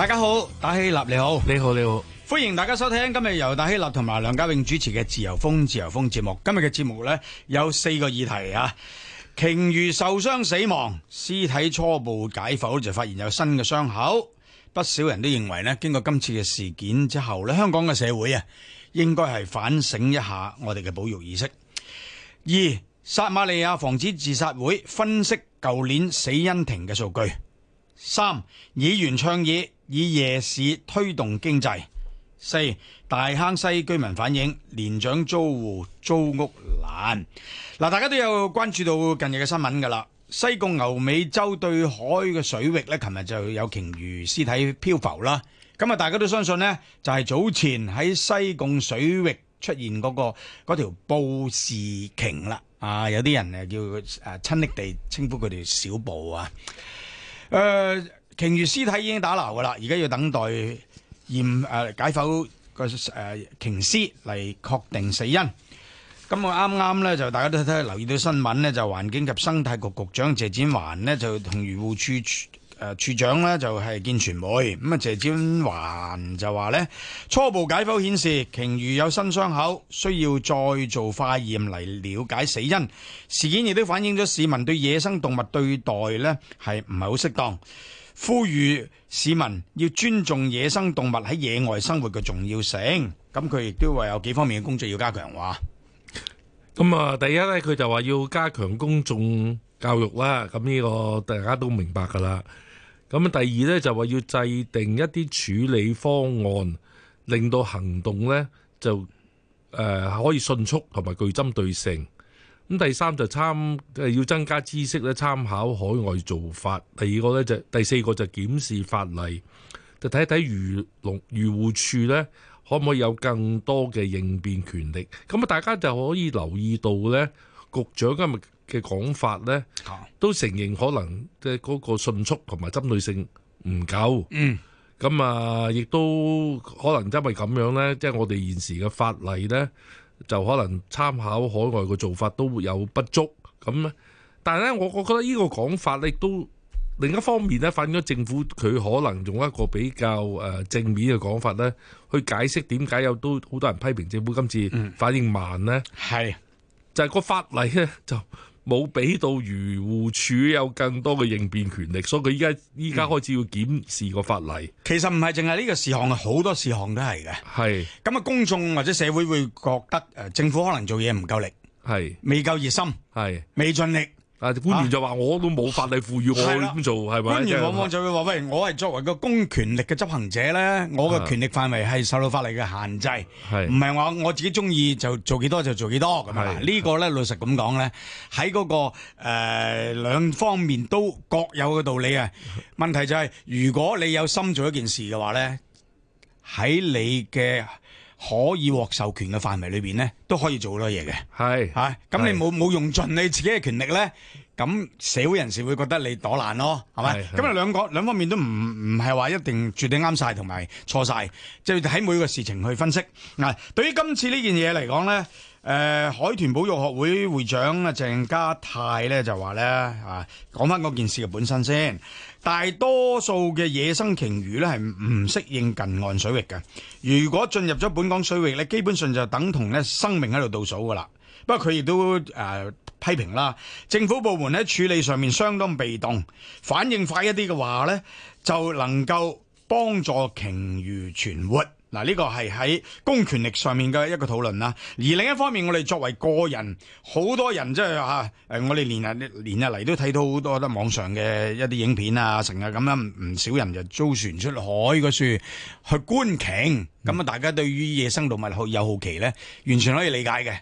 大家好，戴希立你好，你好你好，歡迎大家收聽今日由戴希立同埋梁家榮主持嘅《自由風自由風》節目。今日嘅節目呢，有四個議題啊，一、鯨魚受傷死亡，屍體初步解剖就發現有新嘅傷口，不少人都認為呢，經過今次嘅事件之後呢，香港嘅社會啊應該係反省一下我哋嘅保育意識。二、撒瑪利亞防止自殺會分析舊年死因庭嘅數據。三、議員倡議。以夜市推動經濟。四、大坑西居民反映年長租戶租屋難。嗱，大家都有關注到近日嘅新聞㗎啦。西貢牛尾洲對海嘅水域呢，琴日就有鯨魚屍體漂浮啦。咁啊，大家都相信呢，就係早前喺西貢水域出現嗰、嗰個嗰條布氏鯨啦。啊，有啲人誒叫誒親暱地稱呼佢條小布啊。呃鯨魚屍體已經打撈㗎喇，而家要等待驗，解剖個，呃，鯨屍嚟確定死因。咁我啱啱呢，就大家都睇留意到新聞呢，就環境及生態局局長謝展寰呢，就同漁護署呃署長呢，就係見傳媒。咁謝展寰就話呢，初步解剖顯示鯨魚有新傷口，需要再做化驗嚟了解死因。事件亦都反映咗市民對野生動物對待呢，係唔係好適當。呼籲市民要尊重野生動物喺野外生活嘅重要性，咁佢亦都話有幾方面嘅工作要加強。話，咁啊，第一咧，佢就話要加強公眾教育啦。咁呢個大家都明白噶啦。咁第二咧，就話要制定一啲處理方案，令到行動咧就誒可以迅速同埋具針對性。咁第三就參，誒要增加知識咧，參考海外做法。第二個咧就，第四個就檢視法例，就睇一睇漁農漁護處咧，可唔可以有更多嘅應變權力？咁啊，大家就可以留意到咧，局長今日嘅講法咧，都承認可能即係嗰個迅速同埋針對性唔夠。嗯，咁啊，亦都可能因為咁樣咧，即係我哋現時嘅法例咧。就可能參考海外嘅做法都會有不足咁咧，但係咧我我覺得呢個講法咧都另一方面咧反映咗政府，佢可能用一個比較誒正面嘅講法咧，去解釋點解有都好多人批評政府今次反應慢咧，係、嗯、就係、是、個法例咧就。冇俾到漁護署有更多嘅應變權力，所以佢依家依家開始要檢視個法例。嗯、其實唔係淨係呢個事項，係好多事項都係嘅。係咁啊！公眾或者社會會覺得誒政府可能做嘢唔夠力，係未夠熱心，係未盡力。啊是是！官員就話：我都冇法例賦予我咁做，係咪？官員往往就會話：喂，我係作為個公權力嘅執行者咧，我嘅權力範圍係受到法例嘅限制，唔係話我自己中意就做幾多就做幾多咁、呢個、呢律、那個咧，老實咁講咧，喺嗰個誒兩方面都各有嘅道理啊。問題就係、是，如果你有心做一件事嘅話咧，喺你嘅，可以獲授權嘅範圍裏面咧，都可以做好多嘢嘅。係吓咁、啊、你冇冇用盡你自己嘅權力咧？咁社會人士會覺得你躲懶咯，係咪？咁啊，兩個兩方面都唔唔係話一定絕對啱晒同埋錯晒，即係喺每個事情去分析。嗱、啊，對於今次件呢件嘢嚟講咧，誒、呃、海豚保育學會會長啊鄭家泰咧就話咧吓，講翻嗰件事嘅本身先。大多數嘅野生鯨魚呢係唔適應近岸水域嘅，如果進入咗本港水域呢，基本上就等同呢生命喺度倒數噶啦。不過佢亦都誒、呃、批評啦，政府部門呢喺處理上面相當被動，反應快一啲嘅話呢，就能夠幫助鯨魚存活。嗱，呢個係喺公權力上面嘅一個討論啦。而另一方面，我哋作為個人，好多人即係嚇我哋連日連日嚟都睇到好多，喺網上嘅一啲影片啊，成日咁樣唔少人就租船出海嘅船去觀鯨。咁啊，大家對於野生動物好有好奇咧，完全可以理解嘅。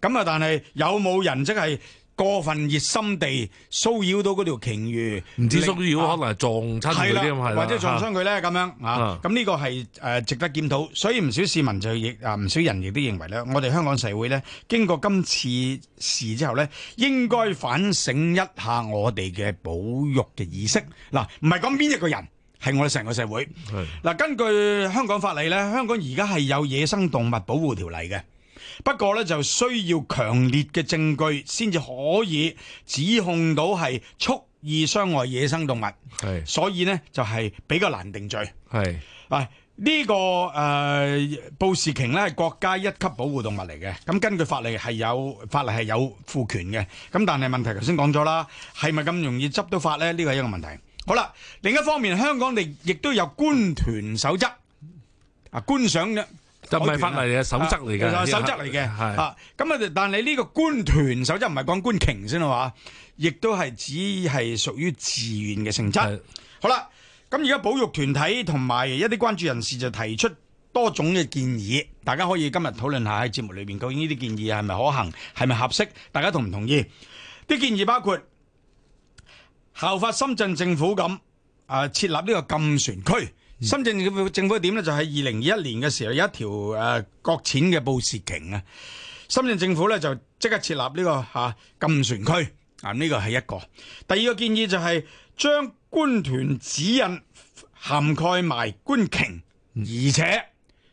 咁啊，但係有冇人即係，就是過分熱心地騷擾到嗰條鯨魚，唔知騷擾可能係撞親嗰啲咁係，或者撞傷佢咧咁樣啊？咁呢個係誒值得檢討，所以唔少市民就亦啊唔少人亦都認為咧，我哋香港社會咧經過今次事之後咧，應該反省一下我哋嘅保育嘅意識。嗱，唔係講邊一個人，係我哋成個社會。係。嗱，根據香港法例咧，香港而家係有野生動物保護條例嘅。不過咧就需要強烈嘅證據先至可以指控到係蓄意傷害野生動物，係，所以呢就係比較難定罪，係。呢、啊這個誒、呃、布氏鯨呢係國家一級保護動物嚟嘅，咁根據法例係有法例係有賦權嘅，咁但係問題頭先講咗啦，係咪咁容易執到法呢？呢個係一個問題。好啦，另一方面香港地亦都有官團守則，啊觀賞嘅。就唔係法律嘅守則嚟嘅，守則嚟嘅嚇。咁啊，但係你呢個觀豚守則唔係講觀鯨先啊嘛，亦都係只係屬於自願嘅性質。好啦，咁而家保育團體同埋一啲關注人士就提出多種嘅建議，大家可以今日討論下喺節目裏邊究竟呢啲建議係咪可行，係咪合適，大家同唔同意？啲建議包括效法深圳政府咁啊，設立呢個禁船區。深圳政府點呢就係二零二一年嘅時候，有一條誒、呃、擱淺嘅布氏鯨啊。深圳政府呢，就即刻設立呢、這個吓、啊、禁船區啊。呢個係一個。第二個建議就係將觀豚指引涵蓋埋觀鯨，而且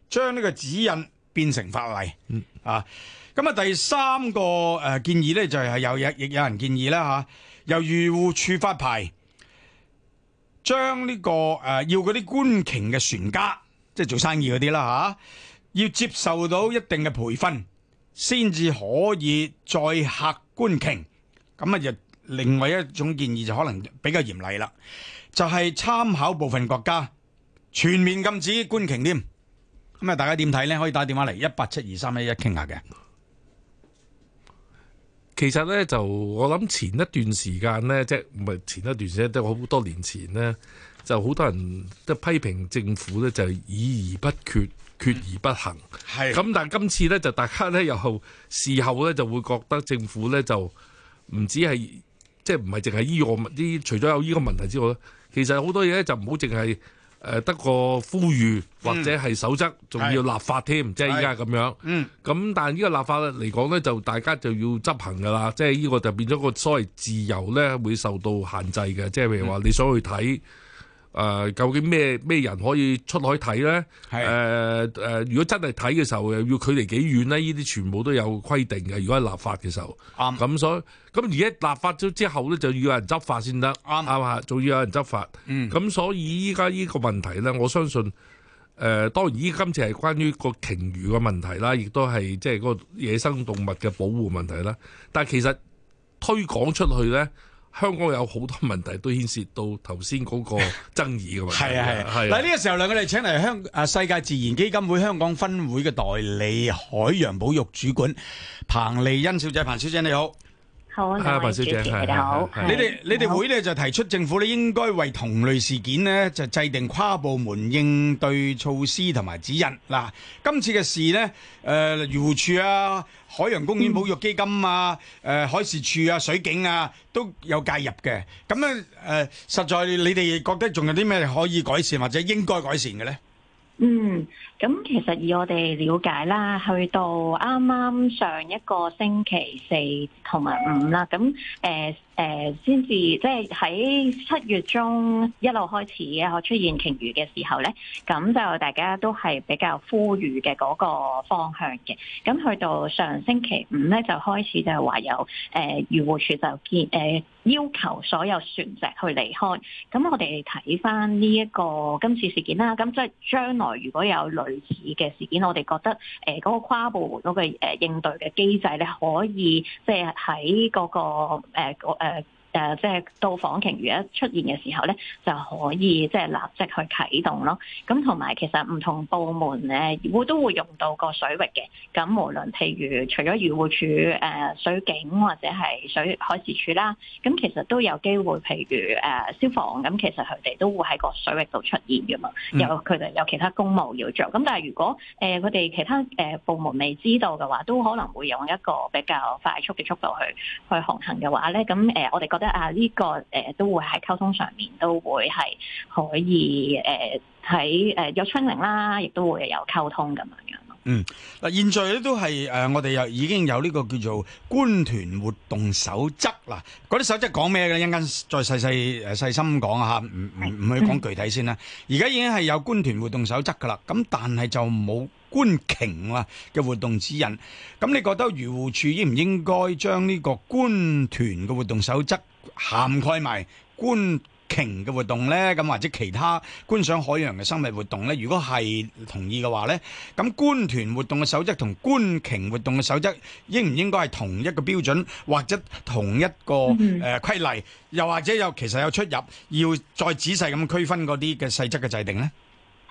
將呢個指引變成法例、嗯、啊。咁啊，第三個誒建議呢，就係、是、有有亦有人建議啦吓、啊，由漁護處發牌。將呢、這個誒、呃、要嗰啲觀鯨嘅船家，即係做生意嗰啲啦吓，要接受到一定嘅培訓，先至可以載客觀鯨。咁啊，就另外一種建議就可能比較嚴厲啦，就係、是、參考部分國家全面禁止觀鯨添。咁啊，大家點睇呢？可以打電話嚟一八七二三一一傾下嘅。其實咧就我諗前一段時間咧即唔係前一段時間即好多年前咧就好多人即批評政府咧就議而不決決而不行，咁但係今次咧就大家咧又事後咧就會覺得政府咧就唔止係即唔係淨係依個問啲，除咗有依個問題之外咧，其實好多嘢咧就唔好淨係。誒、呃、得個呼籲或者係守則，仲、嗯、要立法添，即係依家咁樣。咁但係呢個立法嚟講咧，就大家就要執行㗎啦。即係呢個就變咗個所謂自由咧，會受到限制嘅。即係譬如話你想去睇。誒、呃，究竟咩咩人可以出海睇呢？誒誒、啊、呃呃，如果真係睇嘅時候，又要距離幾遠呢？呢啲全部都有規定嘅。如果係立法嘅時候，咁、嗯、所以，咁而家立法咗之後呢，就要有人執法先得，啱、嗯、仲要有人執法。咁、嗯、所以依家呢個問題呢，我相信，誒、呃，當然依今次係關於個鯨魚嘅問題啦，亦都係即係個野生動物嘅保護問題啦。但係其實推廣出去呢。香港有好多問題都牽涉到頭先嗰個爭議嘅問題，係啊係啊。係嗱呢個時候兩，兩個我哋請嚟香啊世界自然基金會香港分會嘅代理海洋保育主管彭莉恩小姐，彭小姐你好。啊、白小姐，你好。Okay，你哋你哋會咧就提出政府咧應該為同類事件咧就制定跨部門應對措施同埋指引。嗱、啊，今次嘅事咧，誒漁護處啊、海洋公園保育基金啊、誒、嗯呃、海事處啊、水警啊都有介入嘅。咁咧誒，實在，你哋覺得仲有啲咩可以改善或者應該改善嘅呢？嗯。咁其實以我哋了解啦，去到啱啱上一個星期四同埋五啦，咁誒先至即係喺七月中一路開始我出現鯨魚嘅時候咧，咁就大家都係比較呼籲嘅嗰個方向嘅。咁去到上星期五咧，就開始就係話有誒、呃、漁護署就建、呃、要求所有船隻去離開。咁我哋睇返呢一個今次事件啦，咁即係將來如果有類似嘅事件，我哋覺得誒嗰個跨部門嗰個誒應對嘅機制咧，可以即係喺嗰個誒個誒。誒、呃，即係到訪鯨魚一出現嘅時候咧，就可以即係立即去啟動咯。咁同埋其實唔同部門咧，會都會用到個水域嘅。咁無論譬如除咗漁護署誒、呃、水警或者係水海事處啦，咁其實都有機會譬如誒、呃、消防，咁其實佢哋都會喺個水域度出現嘅嘛。有佢哋有其他公務要做。咁但係如果誒佢哋其他誒、呃、部門未知道嘅話，都可能會用一個比較快速嘅速度去去航行嘅話咧，咁誒、呃、我哋得啊！呢個誒都會喺溝通上面都會係可以誒喺誒有 training 啦，亦都會有溝通咁樣樣咯。嗯，嗱，現在咧都係誒我哋又已經有呢個叫做官團活動守則啦，嗰啲守則講咩嘅咧？一陣間再細細誒細心講下，唔唔唔去講具體先啦。而家已經係有官團活動守則噶啦，咁但係就冇觀鯨啊嘅活動指引，咁你覺得漁護處應唔應該將呢個觀團嘅活動守則涵蓋埋觀鯨嘅活動呢？咁或者其他觀賞海洋嘅生物活動呢？如果係同意嘅話呢，咁觀團活動嘅守則同觀鯨活動嘅守則，應唔應該係同一個標準或者同一個誒、呃、規例？又或者有其實有出入，要再仔細咁區分嗰啲嘅細則嘅制定呢？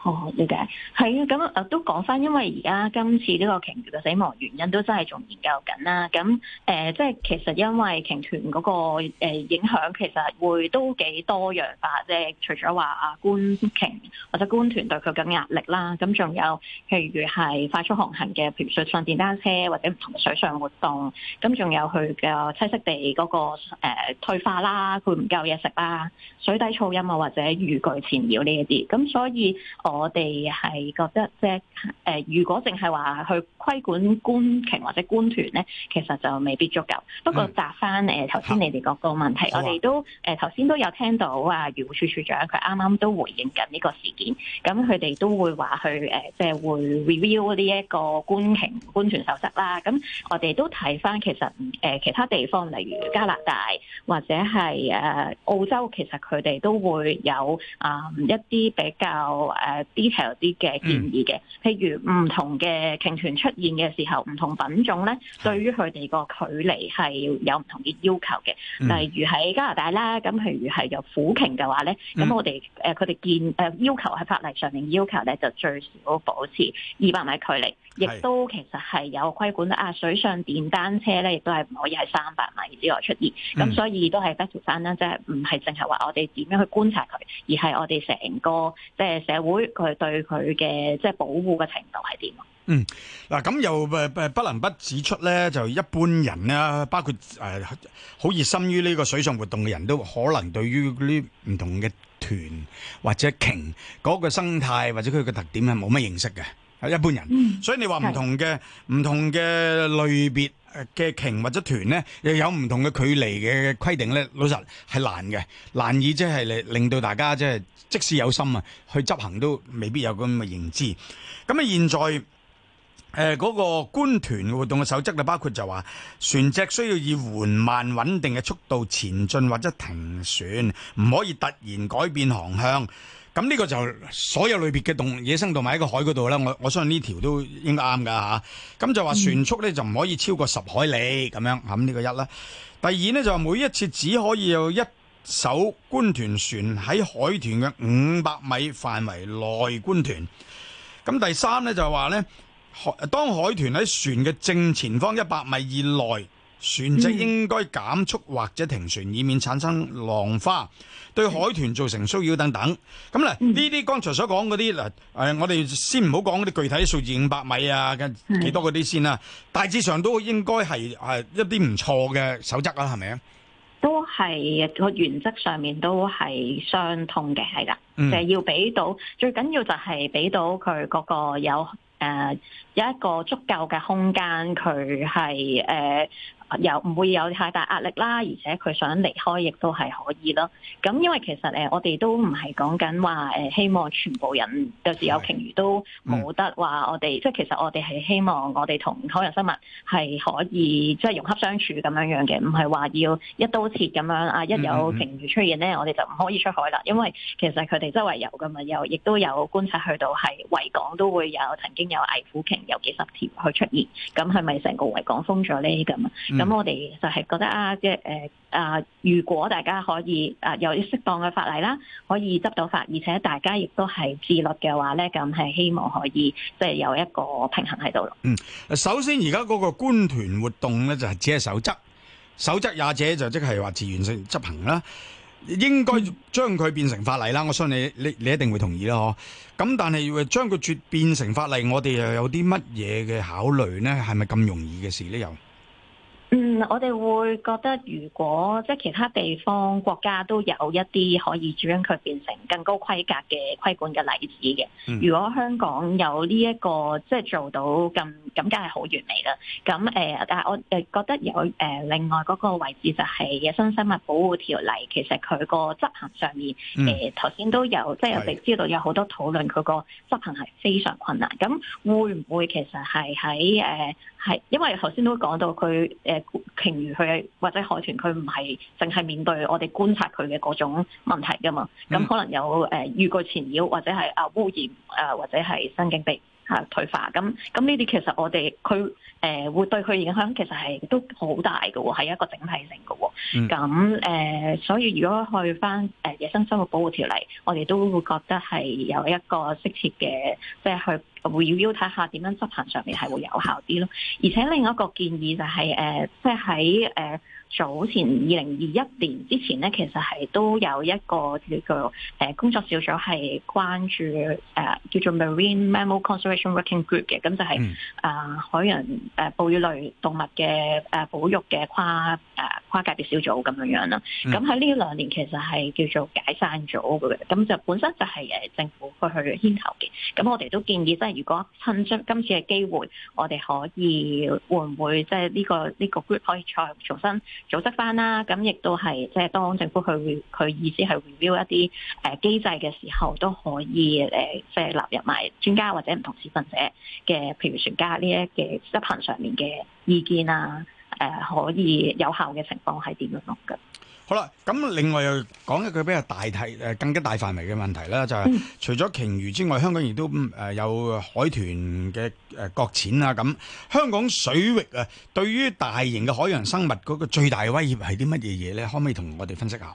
哦，好理解，係啊，咁啊都講翻，因為而家今次呢個鯨魚嘅死亡原因都真係仲研究緊啦。咁誒，即、呃、係其實因為鯨豚嗰個誒、呃、影響，其實會都幾多樣化。即係除咗話啊，觀鯨或者觀豚對佢嘅壓力啦,咁仲有譬如係快速航行嘅，譬如水上電單車或者唔同嘅水上活動，咁仲有佢嘅棲息地嗰、那個誒、呃、退化啦，佢唔夠嘢食啦，水底噪音啊或者漁具纏繞呢一啲，咁所以。我哋係覺得即係誒，如果淨係話去規管觀鯨或者觀豚咧，其實就未必足夠。不過答翻誒頭先你哋個個問題，嗯、我哋都誒頭先都有聽到啊，漁護處處長佢啱啱都回應緊呢個事件，咁佢哋都會話去誒，即、呃、係會 review 呢一個官權官權守失觀鯨觀豚守則啦。咁我哋都睇翻其實誒、呃、其他地方，例如加拿大或者係誒、呃、澳洲，其實佢哋都會有啊、呃、一啲比較誒。呃 detail 啲嘅建議嘅，譬如唔同嘅鯨群出現嘅時候，唔同品種咧，對於佢哋個距離係有唔同嘅要求嘅。例如喺加拿大啦，咁譬如係有虎鯨嘅話咧，咁、嗯、我哋誒佢哋建誒要求喺法例上面要求咧，就最少保持二百米距離，亦都其實係有規管啊，水上電單車咧，亦都係唔可以喺三百米之外出現。咁、嗯、所以都係 battle 山啦，即係唔係淨係話我哋點樣去觀察佢，而係我哋成個即係社會。佢對佢嘅即係保護嘅程度係點啊？嗯，嗱咁又誒誒不能不指出咧，就一般人啊，包括誒好熱心於呢個水上活動嘅人都可能對於啲唔同嘅團或者鯨個生態或者佢嘅特點係冇乜認識嘅，係一般人。嗯，所以你話唔同嘅唔同嘅類別。誒嘅鯨或者團呢，又有唔同嘅距離嘅規定呢，老實係難嘅，難以即係令到大家即係即使有心啊，去執行都未必有咁嘅認知。咁啊，現在誒嗰、呃那個官團活動嘅守則呢，包括就話船隻需要以緩慢穩定嘅速度前進或者停船，唔可以突然改變航向。咁呢個就所有類別嘅動，野生動物喺個海嗰度呢，我我相信呢條都應該啱噶吓。咁就話船速呢，就唔可以超過十海里咁樣，咁呢個一啦。第二呢，就話每一次只可以有一艘觀豚船喺海豚嘅五百米範圍內觀豚。咁第三呢，就話呢，當海豚喺船嘅正前方一百米以內。船隻應該減速或者停船，以免產生浪花，對海豚造成騷擾等等。咁咧呢啲剛才所講嗰啲嗱，誒、嗯呃、我哋先唔好講嗰啲具體數字五百米啊，幾多嗰啲先啦、啊。大致上都應該係係一啲唔錯嘅守則啦，係咪啊？都係個原則上面都係相通嘅，係啦，就、嗯、係要俾到，最緊要就係俾到佢嗰個有誒、呃、有一個足夠嘅空間，佢係誒。呃又唔會有太大壓力啦，而且佢想離開亦都係可以咯。咁因為其實我哋都唔係講緊話希望全部人有時有鯨魚都冇得話，我哋即其實我哋係希望我哋同海洋生物係可以即係、就是、融洽相處咁樣樣嘅，唔係話要一刀切咁樣啊！一有鯨魚出現咧、嗯嗯，我哋就唔可以出海啦，因為其實佢哋周圍有㗎嘛，又亦都有觀察去到係維港都會有曾經有偽虎鯨有幾十條去出現，咁係咪成個維港封咗呢？咁咁、嗯、我哋就係覺得啊，即係啊，如果大家可以啊、呃，有啲適當嘅法例啦，可以執到法，而且大家亦都係自律嘅話咧，咁係希望可以即係、就是、有一個平衡喺度咯。嗯，首先而家嗰個官團活動咧，就係只係守則，守則也者就即係話自願性執行啦，應該將佢變成法例啦。我相信你，你你一定會同意啦，嗬。咁但係將佢變成法例，我哋又有啲乜嘢嘅考慮呢？係咪咁容易嘅事呢？又？嗯，我哋會覺得如果即係其他地方國家都有一啲可以將佢變成更高規格嘅規管嘅例子嘅，嗯。如果香港有呢，這、一個即係做到咁，咁梗係好完美啦。咁誒、呃，但係我誒覺得有、呃、另外嗰個位置就係野生生物保護條例，其實佢個執行上面誒，頭先都有，即係我哋知道有好多討論，佢個執行係非常困難。咁會唔會其實係喺誒？呃係，因為頭先都講到佢，誒，鯨魚佢或者海豚佢唔係淨係面對我哋觀察佢嘅嗰種問題噶嘛，咁可能有誒遇過纏繞或者係啊污染啊或者係新經病。啊、退化咁咁呢啲其實我哋佢誒會對佢影響其實係都好大嘅喎，係一個整體性嘅喎。咁誒、呃，所以如果去翻野生生物保護條例，我哋都會覺得係有一個適切嘅，即係去會要睇下點樣執行上面係會有效啲咯。而且另一個建議就係、是、誒、呃，即係喺誒。呃早前二零二一年之前咧，其實係都有一個叫做誒工作小組，係關注誒、呃、叫做 Marine Mammal Conservation Working Group 嘅，咁就係啊海洋誒哺乳類動物嘅誒保育嘅跨誒跨，跨界別小組咁樣樣啦。咁喺呢兩年其實係叫做解散咗嘅，咁就本身就係政府去去牽頭嘅。咁我哋都建議即係如果趁住今次嘅機會，我哋可以會唔會即係呢個呢、呢個 group 可以再重新組織翻啦，咁亦都係即係當政府佢會佢意思係 review 一啲誒機制嘅時候，都可以誒即係納入埋專家或者唔同持份者嘅，譬如船家呢一嘅執行上面嘅意見啊，誒可以有效嘅情況係點樣咯？好啦，咁另外又講一句比較大體誒，更加大範圍嘅問題啦，就係、是、除咗鯨魚之外，香港亦都誒有海豚嘅誒擱淺啊咁。那香港水域啊，對於大型嘅海洋生物嗰個最大威脅係啲乜嘢嘢咧？可唔可以同我哋分析下？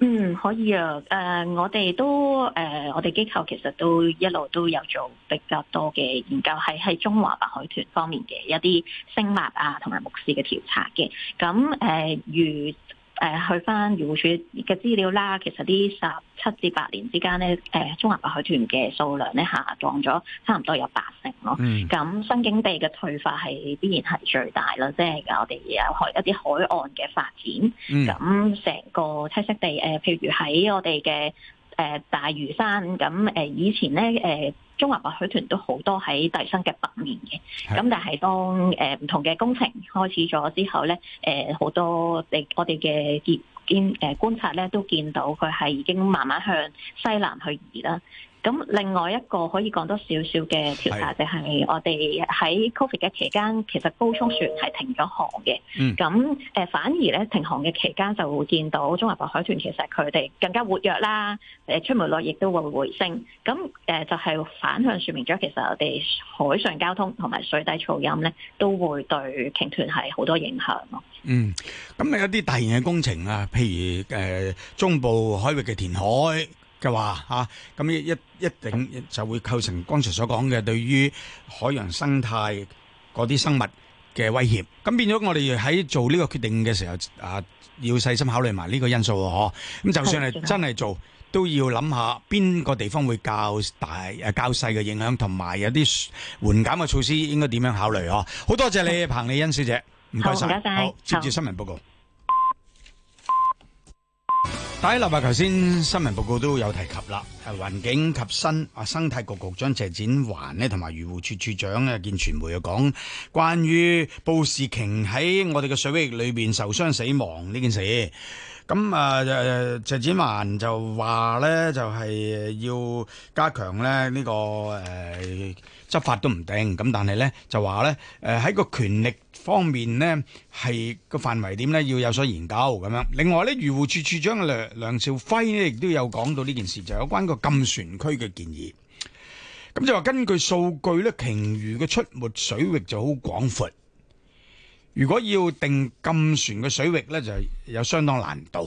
嗯，可以啊。誒、呃，我哋都誒、呃，我哋機構其實都一路都有做比較多嘅研究，係喺中華白海豚方面嘅一啲生物啊，同埋牧師嘅調查嘅。咁誒如誒去翻漁護署嘅資料啦，其實呢十七至八年之間咧，中華白海豚嘅數量咧下降咗，差唔多有八成咯。咁、嗯、新境地嘅退化係必然係最大啦，即、就、係、是、我哋有海一啲海岸嘅發展，咁、嗯、成個棲息地，譬如喺我哋嘅。誒、呃、大嶼山咁，誒、呃、以前咧誒、呃、中華白海豚都好多喺大嶼山嘅北面嘅，咁但係當誒唔、呃、同嘅工程開始咗之後咧，誒、呃、好多我哋嘅見見誒、呃、觀察咧都見到佢係已經慢慢向西南去移啦。咁另外一個可以講多少少嘅調查就係我哋喺 Covid 嘅期間，其實高速船係停咗航嘅。咁、嗯呃、反而咧停航嘅期間就會見到中華白海豚其實佢哋更加活躍啦。出沒率亦都會回升。咁、呃、就係、是、反向說明咗，其實我哋海上交通同埋水底噪音咧都會對鯨豚係好多影響咯。嗯，咁咪有啲大型嘅工程啊，譬如、呃、中部海域嘅填海，嘅話吓，咁、啊、一一,一定就會構成剛才所講嘅對於海洋生態嗰啲生物嘅威脅。咁變咗我哋喺做呢個決定嘅時候啊，要細心考慮埋呢個因素啊，嗬。咁就算係真係做，都要諗下邊個地方會較大誒、啊、較細嘅影響，同埋有啲緩減嘅措施應該點樣考慮哦。好、啊、多謝你彭莉恩小姐，唔該晒。好，接住新聞報告。大家留意，頭先新聞報告都有提及啦。環境及生啊，生態局局長謝展寰同埋漁護處處長啊，見傳媒又講關於布氏鯨喺我哋嘅水域裏邊受傷死亡呢件事。咁啊，謝展寰就話咧，就係要加強咧呢個誒執法都唔定，咁但係咧就話咧，誒喺個權力方面咧係個範圍點咧，要有所研究咁樣。另外咧，漁護處處長梁梁肇輝咧亦都有講到呢件事，就有關個禁船區嘅建議。咁就話根據數據咧，鯨魚嘅出沒水域就好廣闊。如果要定禁船嘅水域咧，就係有相當難度。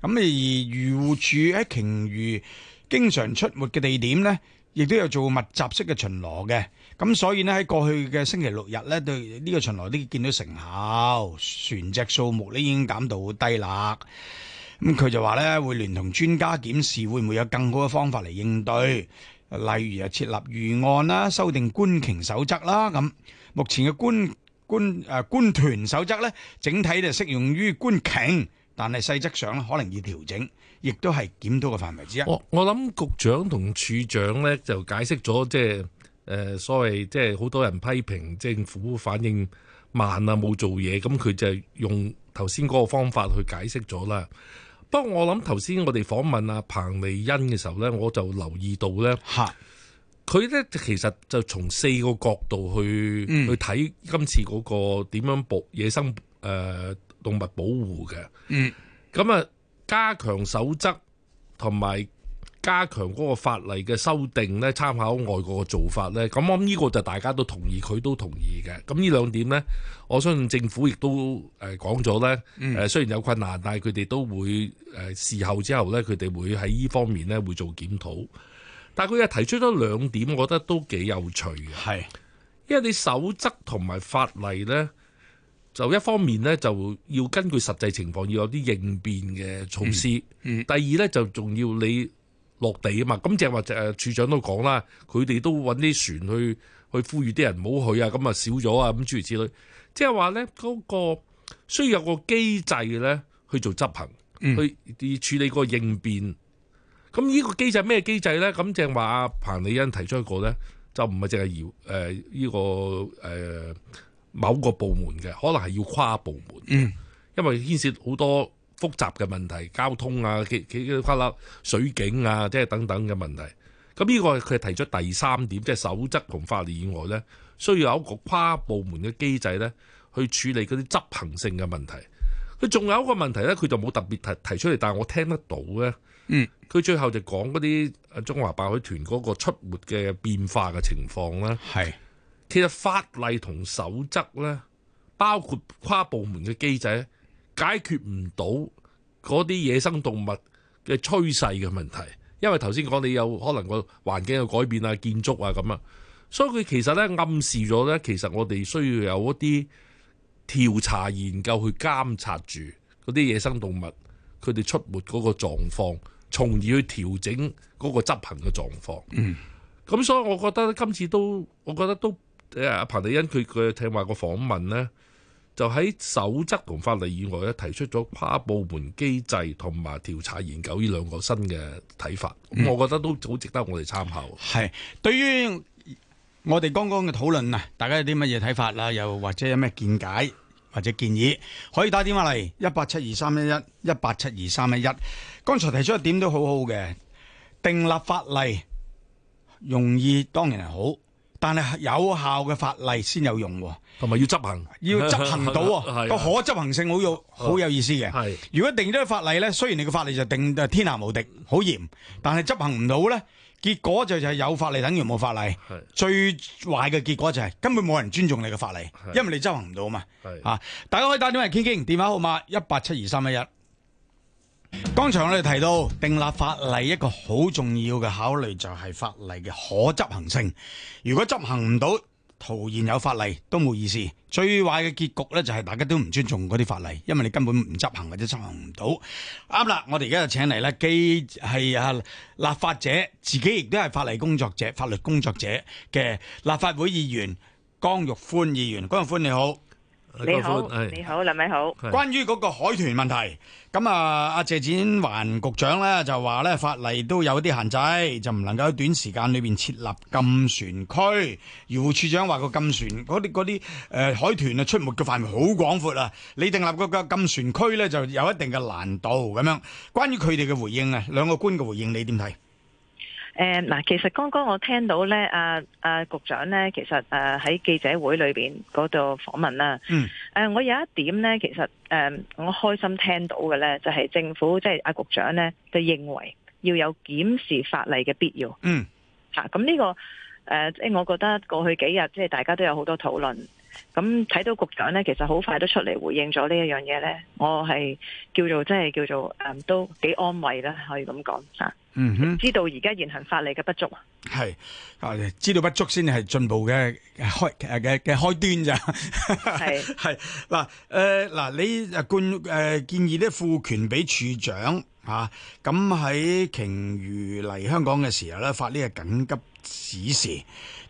咁而漁護署喺鯨魚經常出沒嘅地點咧，亦都有做密集式嘅巡邏嘅。咁所以咧喺過去嘅星期六日咧，對呢個巡邏都見到成效，船隻數目咧已經減到好低啦。咁佢就話咧，會聯同專家檢視會唔會有更好嘅方法嚟應對，例如啊設立預案啦、修訂觀鯨守則啦咁。目前嘅觀觀誒、啊、觀鯨守則咧，整體就適用於觀鯨，但係細則上可能要調整，亦都係檢討嘅範圍之一。我我諗局長同處長咧就解釋咗，即係誒所謂即係好多人批評政府反應慢啊，冇做嘢，咁佢就用頭先嗰個方法去解釋咗啦。不過我諗頭先我哋訪問阿彭莉恩嘅時候咧，我就留意到咧吓。佢咧其實就從四個角度去、嗯、去睇今次嗰個點樣保野生誒、呃、動物保護嘅，嗯，咁啊加強守則同埋加強嗰個法例嘅修訂咧，參考外國嘅做法咧，咁我諗呢個就大家都同意，佢都同意嘅。咁呢兩點咧，我相信政府亦都誒講咗咧，誒、呃、雖然有困難，但係佢哋都會、呃、事後之後咧，佢哋會喺呢方面咧會做檢討。但佢又提出咗兩點，我覺得都幾有趣嘅。係，因為你守則同埋法例呢，就一方面呢，就要根據實際情況要有啲應變嘅措施，嗯嗯。第二呢，就仲要你落地啊嘛。咁即係話誒，處長都講啦，佢哋都揾啲船去去呼籲啲人唔好去啊，咁啊少咗啊，咁諸如此類。即係話呢，嗰、嗰個需要有個機制呢去做執行，嗯、去處理個應變。咁、這、呢個機制咩機制呢？咁正話阿彭莉恩提出一、呃這個呢就唔係淨係要誒呢個誒某個部門嘅，可能係要跨部門、嗯、因為牽涉好多複雜嘅問題，交通啊、嘅嘅嘅啦水警啊，即係等等嘅問題。咁、這、呢個佢係提出第三點，即係守則同法律以外呢，需要有一個跨部門嘅機制呢去處理嗰啲執行性嘅問題。佢仲有一個問題呢，佢就冇特別提提出嚟，但我聽得到呢。嗯，佢最後就講嗰啲中華白海豚嗰個出沒嘅變化嘅情況啦，係，其實法例同守則呢，包括跨部門嘅機制，解決唔到嗰啲野生動物嘅趨勢嘅問題，因為頭先講你有可能個環境有改變啊、建築啊咁啊，所以佢其實呢暗示咗呢，其實我哋需要有一啲調查研究去監察住嗰啲野生動物，佢哋出沒嗰個狀況。從而去調整嗰個執行嘅狀況。咁、嗯、所以我覺得今次都，我覺得都誒，彭莉恩佢佢聽話個訪問呢，就喺守則同法例以外咧，提出咗跨部門機制同埋調查研究呢兩個新嘅睇法、嗯。我覺得都好值得我哋參考。係對於我哋剛剛嘅討論啊，大家有啲乜嘢睇法啦？又或者有咩見解？或者建議可以打電話嚟，一八七二三一一一八七二三一一。剛才提出一點都好好嘅，訂立法例容易當然係好，但係有效嘅法例先有用，同埋要執行，要執行到啊個 可執行性好有好有意思嘅。 係如果定咗法例咧，雖然你嘅法例就定天下無敵好嚴，但係執行唔到咧。結果就就係有法例等於冇法例，最壞嘅結果就係根本冇人尊重你嘅法例，因為你執行唔到嘛。啊，大家可以打電話傾傾，電話號碼一八七二三一一。剛才我哋提到訂立法例一個好重要嘅考慮就係法例嘅可執行性，如果執行唔到。徒然有法例都冇意思，最壞嘅結局咧就係大家都唔尊重嗰啲法例，因為你根本唔執行或者執行唔到。啱啦，我哋而家就請嚟啦，既係啊立法者自己亦都係法例工作者、法律工作者嘅立法會議員江玉歡議員，江玉歡你好。你好，你好，兩位好。關於嗰個海豚問題，咁啊，阿謝展寰局長咧就話咧，法例都有啲限制，就唔能夠喺短時間裏邊設立禁船區。姚處長話個禁船嗰啲嗰啲誒海豚啊出沒嘅範圍好廣闊啊，你訂立嗰個禁船區咧就有一定嘅難度咁樣。關於佢哋嘅回應啊，兩個官嘅回應，你點睇？誒，嗱，其實剛剛我聽到咧，阿、啊、阿、啊、局長咧，其實誒喺、啊、記者會裏邊嗰度訪問啦。嗯。誒、啊，我有一點咧，其實誒、嗯，我開心聽到嘅咧，就係、是、政府即係阿局長咧，就認為要有檢視法例嘅必要。嗯。吓、啊，咁呢、這個誒，即、啊、係我覺得過去幾日即係大家都有好多討論，咁睇到局長咧，其實好快都出嚟回應咗呢一樣嘢咧，我係叫做即係、就是、叫做誒、嗯，都幾安慰啦，可以咁講吓。啊。嗯，知道而家現行法例嘅不足，係啊，知道不足先係進步嘅開嘅嘅開端咋？係係嗱，誒嗱、啊呃啊，你誒，冠誒、呃、建議呢，賦權俾處長，咁喺鯨魚嚟香港嘅時候咧，發呢個緊急指示，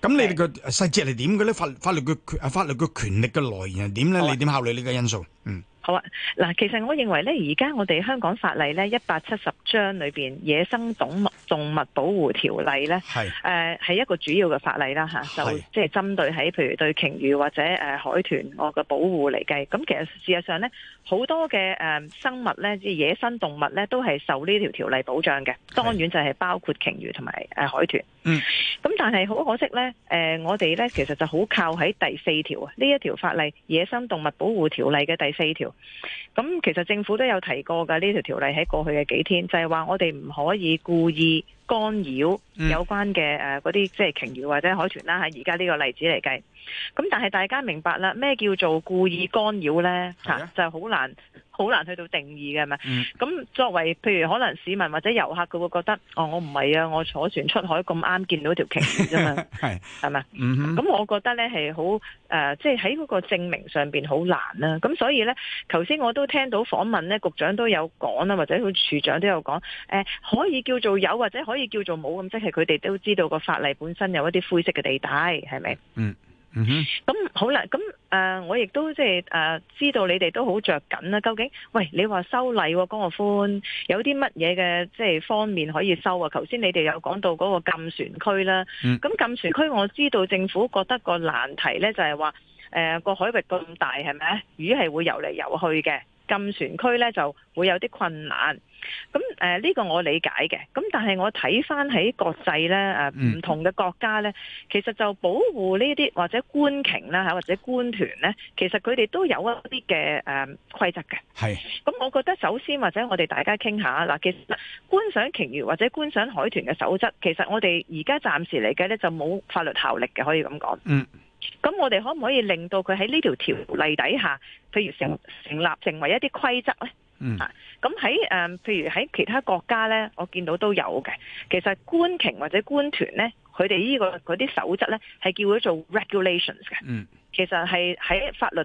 咁你哋個細節係點嘅咧？法律法律嘅權，法律嘅權力嘅來源係點咧？你點考慮呢個因素？嗯。好啊，嗱，其實我認為咧，而家我哋香港法例咧一百七十章裏邊，野生動物動物保護條例咧，係誒係一個主要嘅法例啦吓，就即係針對喺譬如，對鯨魚或者誒海豚我嘅保護嚟計，咁其實事實上咧，好多嘅誒生物咧，即係野生動物咧，都係受呢條條例保障嘅，當然就係包括鯨魚同埋誒海豚。嗯，咁但係好可惜咧，誒、呃、我哋咧其實就好靠喺第四條啊，呢一條法例《野生動物保護條例》嘅第四條。咁其實政府都有提過噶，呢條條例喺過去嘅幾天，就係話我哋唔可以故意干擾有關嘅誒嗰啲即係鯨魚或者海豚啦。喺而家呢個例子嚟計，咁但係大家明白啦，咩叫做故意干擾呢？吓、嗯啊，就好難。好難去到定義嘅係咪？咁作為譬如可能市民或者遊客，佢會覺得哦，我唔係啊，我坐船出海咁啱見到條鯨魚啫嘛，係係嘛，咁、嗯、我覺得呢係好誒，即係喺嗰個證明上邊好難啦、啊。咁所以呢，頭先我都聽到訪問呢局長都有講啊，或者佢處長都有講，誒、呃，可以叫做有或者可以叫做冇咁，即係佢哋都知道個法例本身有一啲灰色嘅地帶，係咪？嗯。咁、嗯、好啦，咁誒、呃，我亦都即係誒，知道你哋都好着緊啦。究竟，喂，你話修例喎，江玉歡有啲乜嘢嘅即係方面可以修啊？頭先你哋有講到嗰個禁船區啦，咁、嗯、禁船區我知道政府覺得個難題咧就係話，誒、呃、個海域咁大係咪？魚係會游嚟游去嘅，禁船區咧就會有啲困難。咁誒，呢個我理解嘅。咁但係我睇翻喺國際咧，誒唔同嘅國家咧，其實就保護呢啲或者官鯨啦吓，或者官團咧，其實佢哋都有一啲嘅誒規則嘅。係。咁我覺得首先或者我哋大家傾下嗱，其實觀賞鯨魚或者觀賞海豚嘅守則，其實我哋而家暫時嚟計咧就冇法律效力嘅，可以咁講。嗯。咁我哋可唔可以令到佢喺呢條條例底下，譬如成成立成為一啲規則咧？嗯。咁喺誒，譬如喺其他國家咧，我見到都有嘅。其實觀鯨或者觀豚咧，佢哋、這個、呢個啲守則咧，係叫佢做 regulations 嘅。嗯，其實係喺法律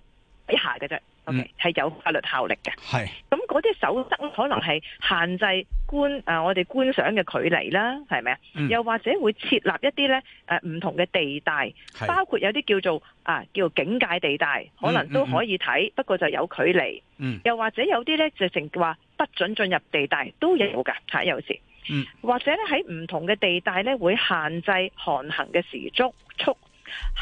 以下嘅啫。OK，係、嗯、有法律效力嘅。係。嗰啲守則可能係限制觀啊、呃，我哋觀賞嘅距離啦，係咪啊？又或者會設立一啲咧唔同嘅地帶，包括有啲叫做啊叫警戒地帶，可能都可以睇、嗯，不過就有距離。嗯。又或者有啲咧就成話不准進入地帶，都有㗎，係有時。嗯。或者咧喺唔同嘅地帶咧會限制航行嘅時速速。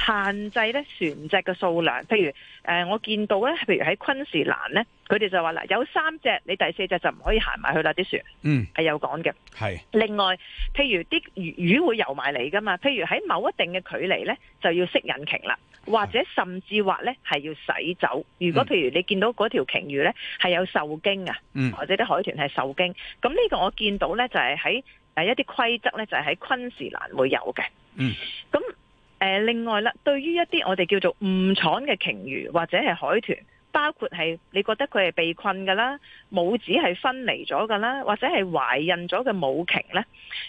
限制咧船隻嘅數量，譬如誒、呃，我見到咧，譬如喺昆士蘭咧，佢哋就話啦有三隻，你第四隻就唔可以行埋去啦，啲船嗯係有講嘅。係。另外，譬如啲魚魚會游埋嚟噶嘛，譬如喺某一定嘅距離咧，就要熄引擎啦，或者甚至話咧係要駛走。如果譬如你見到嗰條鯨魚咧係有受驚啊、嗯，或者啲海豚係受驚，咁呢個我見到咧就係喺誒一啲規則咧就係喺昆士蘭會有嘅。嗯，咁。誒另外啦，對於一啲我哋叫做誤闖嘅鯨魚或者係海豚，包括係你覺得佢係被困嘅啦，母子係分離咗嘅啦，或者係懷孕咗嘅母鯨呢。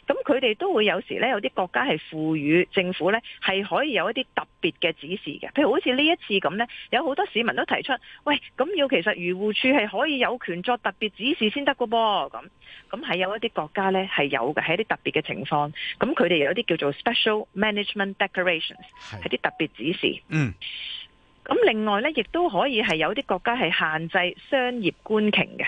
咁佢哋都會有時呢，有啲國家係賦予政府呢，係可以有一啲特別嘅指示嘅，譬如好似呢一次咁呢，有好多市民都提出，喂，咁要其實漁護署係可以有權作特別指示先得嘅噃，咁咁係有一啲國家呢，係有嘅，係一啲特別嘅情況，咁佢哋有啲叫做 special management decorations 係啲特別指示，嗯。咁另外咧，亦都可以係有啲國家係限制商業觀鯨嘅，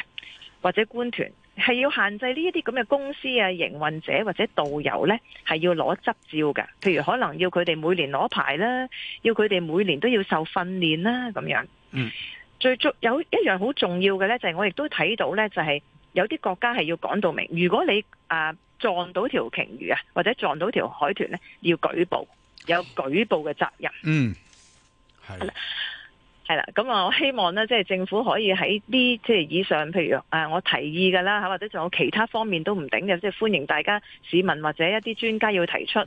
或者觀團，係要限制呢一啲咁嘅公司啊、營運者或者導遊咧，係要攞執照嘅。譬如可能要佢哋每年攞牌啦，要佢哋每年都要受訓練啦，咁樣。嗯，最重有一樣好重要嘅咧，就係、是、我亦都睇到咧，就係、是、有啲國家係要講到明，如果你啊撞到條鯨魚啊，或者撞到條海豚咧，要舉報，有舉報嘅責任。嗯。係啦，係啦，咁啊，我希望呢即係政府可以喺啲即係以上，譬如我提議噶啦，吓或者仲有其他方面都唔定嘅，即係歡迎大家市民或者一啲專家要提出，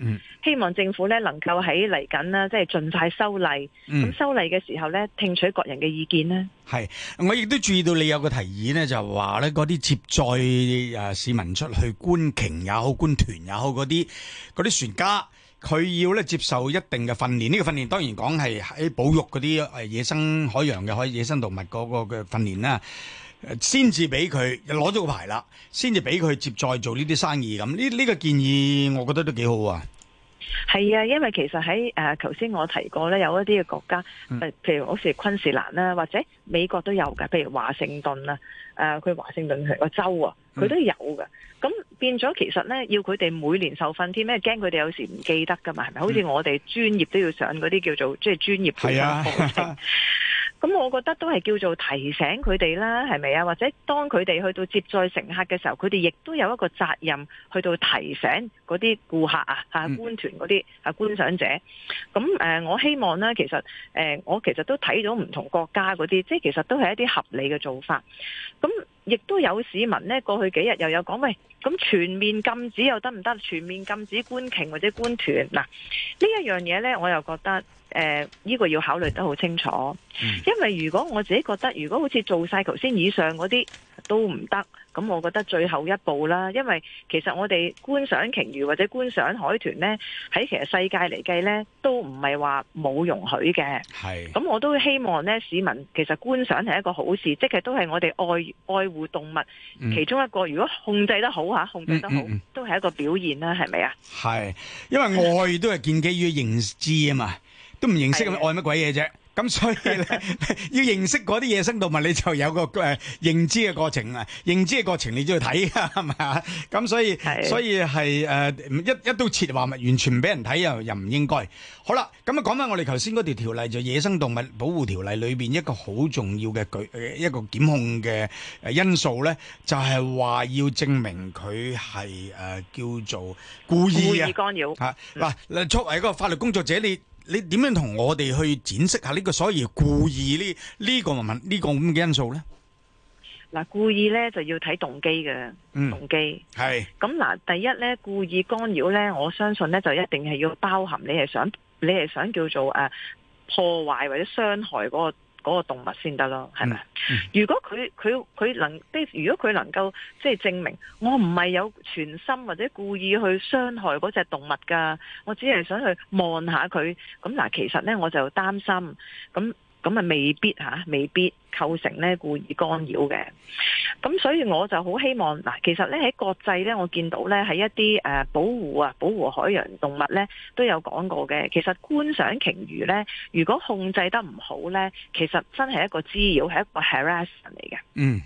希望政府呢能夠喺嚟緊咧，即係盡快修例。咁修例嘅時候呢，聽取各人嘅意見呢。係，我亦都注意到你有個提議呢，就話呢，嗰啲接載誒市民出去觀鯨也好，觀團也好，嗰啲嗰啲船家。佢要咧接受一定嘅訓練，呢、這個訓練當然講係喺保育嗰啲野生海洋嘅海野生動物嗰個嘅訓練啦，先至俾佢攞咗個牌啦，先至俾佢接載做呢啲生意咁。呢、這、呢個建議，我覺得都幾好啊。係啊，因為其實喺誒，頭、呃、先我提過咧，有一啲嘅國家誒、嗯，譬如好似昆士蘭啦、啊，或者美國都有嘅，譬如華盛頓啦、啊，誒、呃，佢華盛頓係個州啊，佢都有嘅。咁、嗯、變咗，其實咧要佢哋每年受訓添咩？驚佢哋有時唔記得噶嘛，係咪、嗯？好似我哋專業都要上嗰啲叫做即係專業培訓課程。 咁我覺得都係叫做提醒佢哋啦，係咪啊？或者當佢哋去到接載乘客嘅時候，佢哋亦都有一個責任去到提醒嗰啲顧客啊、嚇、啊啊、觀團嗰啲啊觀賞者。咁、呃、我希望呢，其實、呃、我其實都睇到唔同國家嗰啲，即係其實都係一啲合理嘅做法。咁亦都有市民呢，過去幾日又有講，喂，咁全面禁止又得唔得？全面禁止觀鯨或者觀團嗱，呢一樣嘢呢，我又覺得。誒，呢個要考慮得好清楚，因為如果我自己覺得，如果好似做晒頭先以上嗰啲都唔得，咁我覺得最後一步啦，因為其實我哋觀賞鯨魚或者觀賞海豚呢，喺其實世界嚟計呢，都唔係話冇容許嘅。係，咁我都希望呢，市民其實觀賞係一個好事，即係都係我哋愛愛護動物其中一個。嗯、如果控制得好吓，控制得好嗯嗯嗯都係一個表現啦，係咪啊？係，因為愛都係建基於認知啊嘛。都唔認識，咁愛乜鬼嘢啫？咁所以咧， 要認識嗰啲野生動物，你就有個誒認知嘅過程啊！認知嘅過、過程，你就要睇，係咪啊？咁所以，所以係誒、呃、一一刀切話完全唔俾人睇又又唔應該。好啦，咁啊講翻我哋頭先嗰條條例就《野生動物保護條例》裏邊一個好重要嘅舉一個檢控嘅誒因素咧，就係、是、話要證明佢係誒叫做故意、啊、故意干擾吓嗱，作為一個法律工作者，你。你點樣同我哋去解釋下呢、這個所謂故意呢呢個問問呢個咁嘅因素咧？嗱，故意咧就要睇動機嘅、嗯，動機係咁嗱。第一咧，故意干擾咧，我相信咧就一定係要包含你係想你係想叫做誒、啊、破壞或者傷害嗰、那個。嗰個動物先得咯，係咪？嗯嗯？如果佢佢佢能，如果佢能夠即係證明我唔係有存心或者故意去傷害嗰隻動物㗎，我只係想去望下佢。咁嗱，其實呢，我就擔心咁。咁啊，未必吓未必構成咧故意干擾嘅。咁所以我就好希望嗱，其實咧喺國際咧，我見到咧喺一啲誒保護啊，保護海洋動物咧都有講過嘅。其實觀賞鯨魚咧，如果控制得唔好咧，其實真係一個滋擾，係一個 harassment 嚟嘅。嗯。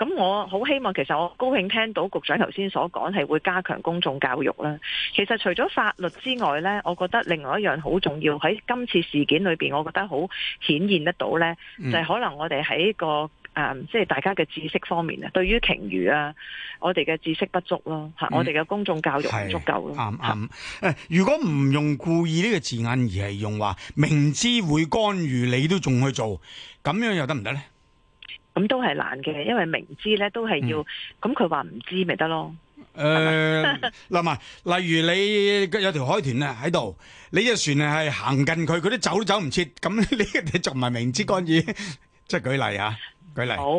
咁我好希望，其實我高興聽到局長頭先所講，係會加強公眾教育啦。其實除咗法律之外咧，我覺得另外一樣好重要喺今次事件裏邊，我覺得好顯現得到咧、嗯，就係、是、可能我哋喺個誒即係大家嘅知識方面啊，對於鯨魚啊，我哋嘅知識不足咯，吓、嗯，我哋嘅公眾教育唔足夠咯，啱啱誒，如果唔用故意呢個字眼，而係用話明知會干預，你都仲去做，咁樣又得唔得咧？咁都係難嘅，因為明知咧都係要，咁佢話唔知咪得咯。誒、呃，嗱， 例如你有條海豚啊，喺度，你隻船係行近佢，佢都走都走唔切，咁你你仲唔係明知干預？即 係舉例啊，舉例。好，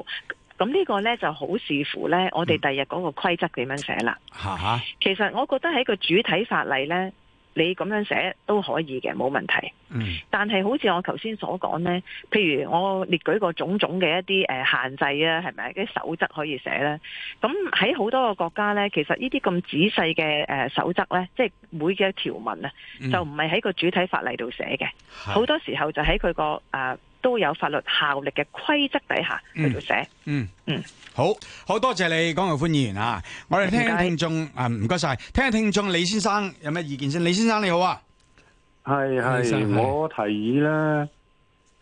咁呢個咧就好視乎咧，我哋第日嗰個規則點樣寫啦。吓吓，其實我覺得喺個主體法例咧。你咁樣寫都可以嘅，冇問題。嗯，但係好似我頭先所講呢，譬如我列舉過種種嘅一啲誒限制啊，係咪啲守則可以寫呢？咁喺好多個國家呢，其實呢啲咁仔細嘅誒守則呢，即係每嘅條文啊，就唔係喺個主體法例度寫嘅，好、嗯、多時候就喺佢個誒，呃都有法律效力嘅規則底下嚟到寫，嗯嗯,嗯，好好多謝你，江玉歡議員啊！我哋聽下聽眾，啊唔該晒，聽下聽眾李先生有咩意見先。李先生你好啊，係係，我提議咧，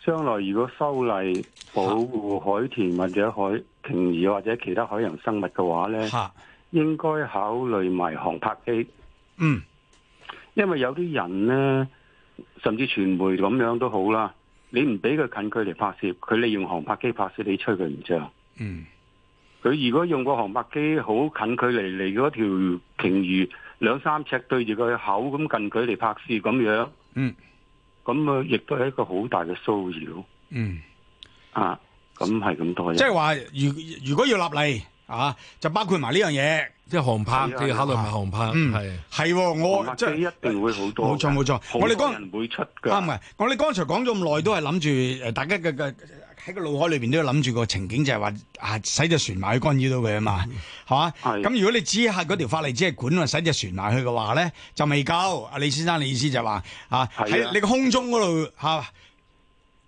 將來如果修例保護海豚或者海鯨魚或者其他海洋生物嘅話咧，應該考慮埋航拍機，嗯，因為有啲人咧，甚至傳媒咁樣都好啦。你唔俾佢近距離拍攝，佢利用航拍機拍攝你吹佢唔脹。嗯，佢如果用個航拍機好近距離嚟嗰條鯨魚，兩三尺，對住佢口咁近距離拍攝咁樣、嗯、樣，嗯，咁啊亦都係一個好大嘅騷擾。嗯，啊，咁係咁多嘢，即係話，如如果要立例。啊！就包括埋呢樣嘢，即係航拍，即要考慮埋航拍。嗯，係係喎，我即係一定會好多。冇錯冇錯，好多人會出㗎。啱啊！我哋剛才講咗咁耐，都係諗住誒，大家嘅嘅喺個腦海裏邊都要諗住個情景就，就係話啊，使隻船埋去干擾到佢啊嘛，係、嗯、嘛？咁、嗯、如果你只係嗰條法例只係管話使隻船埋去嘅話咧，就未夠。阿李先生，你意思就係話啊，喺你個空中嗰度嚇，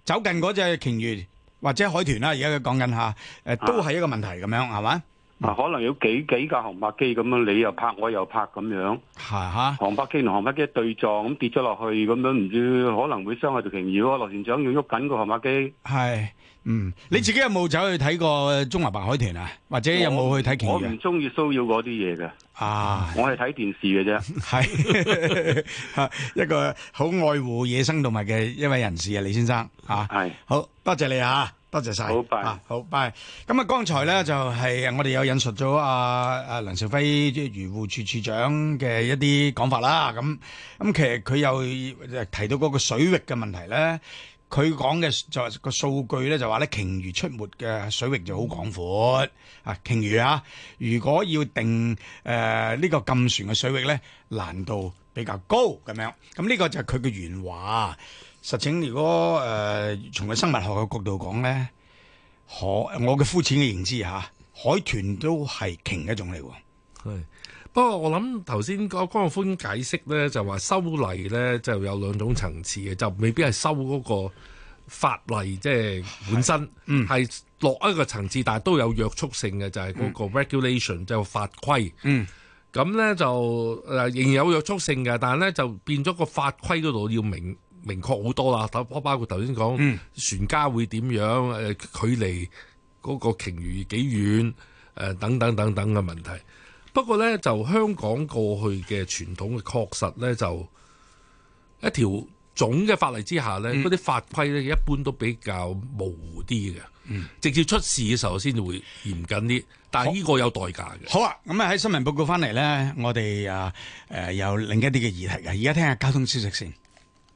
走近嗰隻鯨魚或者海豚啦、啊，而家佢講緊嚇誒，都係一個問題咁樣係嘛？啊啊，可能有幾幾架航拍機咁樣，你又拍我又拍咁樣，係吓、啊、航拍機同航拍機對撞，咁跌咗落去，咁樣唔知可能會傷害條鯨魚啊！羅船長要喐緊個航拍機，係嗯，嗯，你自己有冇走去睇過《中華白海豚》啊？或者有冇去睇鯨魚？我唔中意騷擾嗰啲嘢嘅。啊，我係睇電視嘅啫。係 是， 一個好愛護野生動物嘅一位人士啊，李先生、啊、好多謝，謝你啊！多謝晒，好拜，好拜。咁啊，剛才咧就係我哋有引述咗阿阿梁兆輝即係漁護署署長嘅一啲講法啦。咁咁其實佢又提到嗰個水域嘅問題咧，佢講嘅就個數據咧就話咧，鯨魚出沒嘅水域就好廣闊啊。鯨魚啊，如果要定誒呢個禁船嘅水域咧，難度比較高咁樣。咁呢個就係佢嘅原話。實情如果誒、呃、從個生物學嘅角度講咧，海我嘅膚淺嘅認知嚇，海豚都係鯨一種嚟喎。不過我諗頭先個江玉歡解釋咧，就話修例咧就有兩種層次嘅，就未必係修嗰個法例即係、就是、本身，係落一個層次，但係都有約束性嘅，就係、是、嗰個 regulation、嗯、就是、法規。嗯，咁咧就誒仍然有約束性嘅，但係咧就變咗個法規嗰度要明明確好多啦，包括頭先講船家會點樣，誒距離嗰個鯨魚幾遠，呃、等等等等嘅問題。不過呢，就香港過去嘅傳統嘅確實呢，就一條總嘅法例之下呢，嗰啲、嗯、法規呢一般都比較模糊啲嘅。嗯、直至出事嘅時候先至會嚴謹啲，但係呢個有代價嘅。好啊，咁啊喺新聞報告翻嚟呢，我哋啊誒有另一啲嘅議題嘅。而家聽下交通消息先。